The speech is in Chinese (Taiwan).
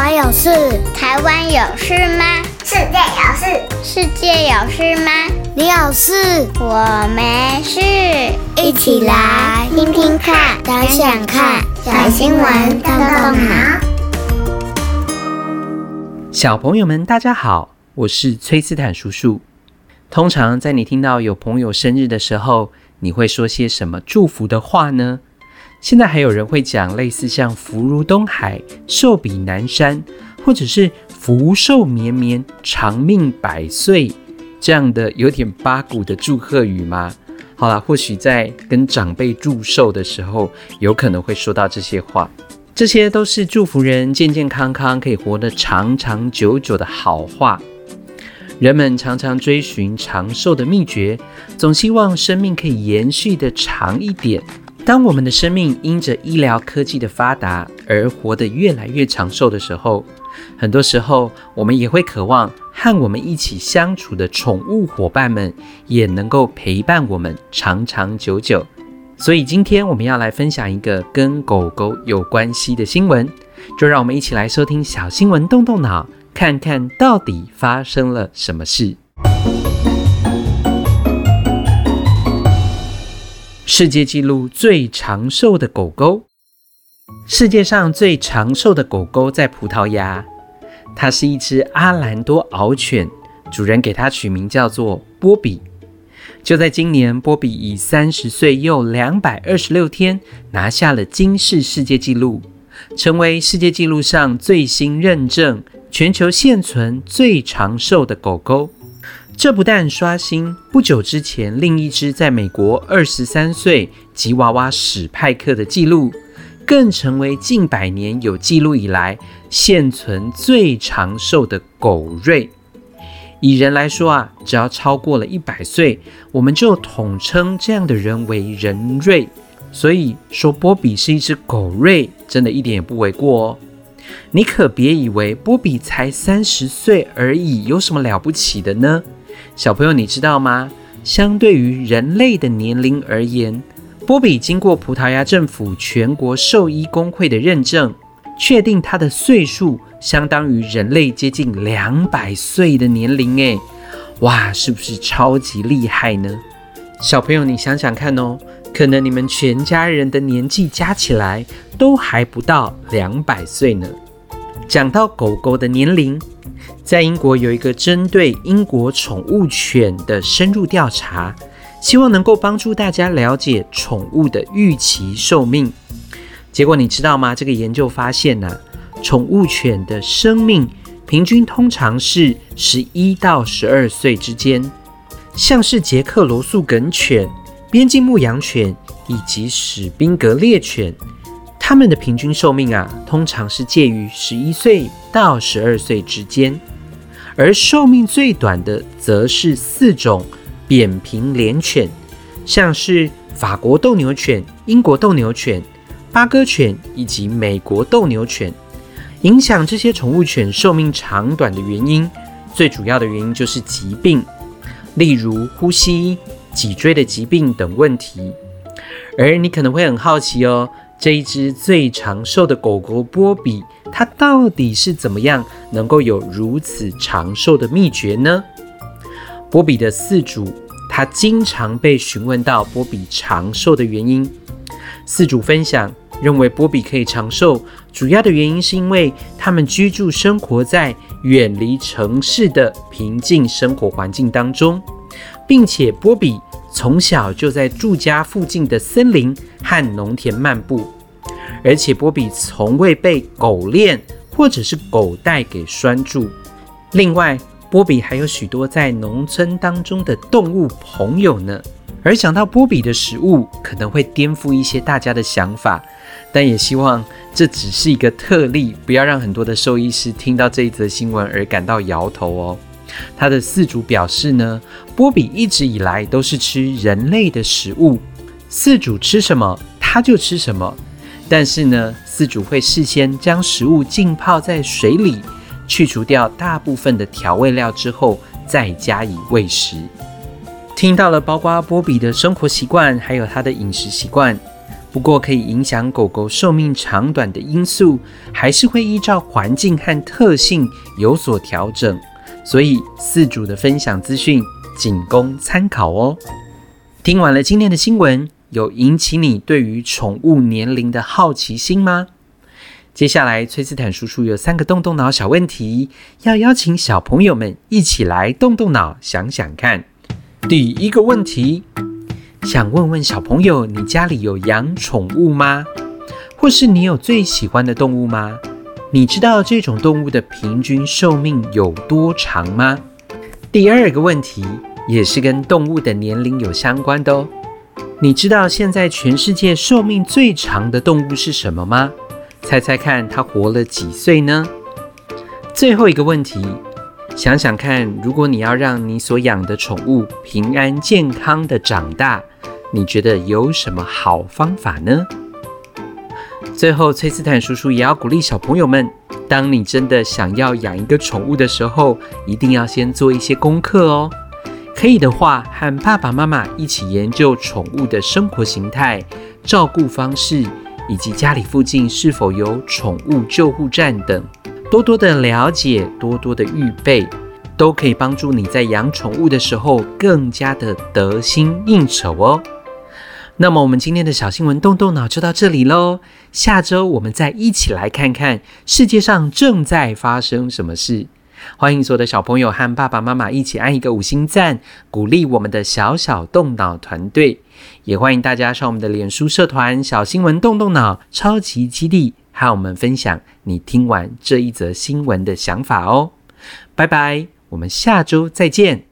我有事，台灣有事嗎？世界有事，世界有事嗎？你有事，我沒事。一起來聽聽看，想想看，看，看，小新聞動動腦。小朋友們，大家好，我是崔斯坦叔叔。通常在你聽到有朋友生日的時候，你會說些什麼祝福的話呢？現在還有人會講類似像“福如東海，壽比南山”，或者是“福壽綿綿，長命百歲”這樣的有點八股的祝賀語嗎？好了，或許在跟長輩祝壽的時候，有可能會說到這些話。這些都是祝福人健健康康，可以活得長長久久的好話。人們常常追尋長壽的秘訣，總希望生命可以延續得長一點。當我們的生命因着醫療科技的發達而活得越來越長壽的時候，很多時候我們也會渴望和我們一起相處的寵物夥伴們也能夠陪伴我們長長久久。所以今天我們要來分享一個跟狗狗有關係的新聞，就讓我們一起來收聽小新聞，動動腦，看看到底發生了什麼事。世界紀錄最長壽的狗狗，世界上最長壽的狗狗在葡萄牙，它是一隻阿蘭多獒犬，主人給它取名叫做波比。就在今年，波比以三十歲又兩百二十六天拿下了金氏世界紀錄，成為世界紀錄上最新認證、全球現存最長壽的狗狗。這不但刷新不久之前另一只在美國二十三歲吉娃娃史派克的記錄，更成為近百年有記錄以來現存最長壽的狗瑞。以人來說啊，只要超過了一百歲，我們就統稱這樣的人為人瑞。所以說，波比是一只狗瑞，真的一點也不為過哦。你可別以為波比才三十歲而已，有什麼了不起的呢？小朋友，你知道嗎？相對於人類的年齡而言，波比經過葡萄牙政府全國獸醫工會的認證，確定它的歲數相當於人類接近兩百歲的年齡。誒，哇，是不是超級厲害呢？小朋友，你想想看哦，可能你們全家人的年紀加起來都還不到兩百歲呢。講到狗狗的年齡。在英國有一個針對英國寵物犬的深入調查，希望能夠幫助大家了解寵物的預期壽命。結果你知道嗎？這個研究發現呢、啊，寵物犬的生命平均通常是十一到十二歲之間，像是捷克羅素梗犬、邊境牧羊犬以及史賓格獵犬，它們的平均壽命啊，通常是介於十一歲到十二歲之間。而壽命最短的則是四種扁平臉犬，像是法國鬥牛犬、英國鬥牛犬、巴哥犬以及美國鬥牛犬。影響這些寵物犬壽命長短的原因，最主要的原因就是疾病，例如呼吸、脊椎的疾病等問題。而你可能會很好奇哦。這一隻最長壽的狗狗波比，它到底是怎麼樣能夠有如此長壽的秘訣呢？波比的飼主他經常被詢問到波比長壽的原因，飼主分享認為波比可以長壽，主要的原因是因為他們居住生活在遠離城市的平靜生活環境當中，並且波比。從小就在住家附近的森林和農田漫步，而且波比從未被狗鏈或者是狗帶給拴住。另外，波比還有許多在農村當中的動物朋友呢。而想到波比的食物可能會顛覆一些大家的想法，但也希望這只是一個特例，不要讓很多的獸醫師聽到這一則新聞而感到搖頭哦。它的飼主表示呢，波比一直以來都是吃人類的食物，飼主吃什麼它就吃什麼。但是呢，飼主會事先將食物浸泡在水裡，去除掉大部分的調味料之後再加以餵食。聽到了，包括波比的生活習慣，還有它的飲食習慣。不過，可以影響狗狗壽命長短的因素，還是會依照環境和特性有所調整。所以，四組的分享資訊僅供參考哦。聽完了今天的新聞，有引起你對於寵物年齡的好奇心嗎？接下來，崔斯坦叔叔有三個動動腦小問題，要邀請小朋友們一起來動動腦，想想看。第一個問題，想問問小朋友，你家裡有養寵物嗎？或是你有最喜歡的動物嗎？你知道這種動物的平均壽命有多長嗎？第二個問題也是跟動物的年齡有相關的哦。你知道現在全世界壽命最長的動物是什麼嗎？猜猜看，它活了幾歲呢？最後一個問題，想想看，如果你要讓你所養的寵物平安健康地長大，你覺得有什麼好方法呢？最後，崔斯坦叔叔也要鼓勵小朋友們：當你真的想要養一個寵物的時候，一定要先做一些功課哦。可以的話，和爸爸媽媽一起研究寵物的生活形態、照顧方式，以及家裡附近是否有寵物救護站等，多多的了解，多多的預備，都可以幫助你在養寵物的時候更加的得心應手哦。那麼，我們今天的小新聞動動腦就到這裡嘍。下周我們再一起來看看世界上正在發生什麼事。歡迎所有的小朋友和爸爸媽媽一起按一個五星讚，鼓勵我們的小小動腦團隊。也歡迎大家上我們的臉書社團“小新聞動動腦”超級基地，和我們分享你聽完這一則新聞的想法哦。拜拜，我們下周再見。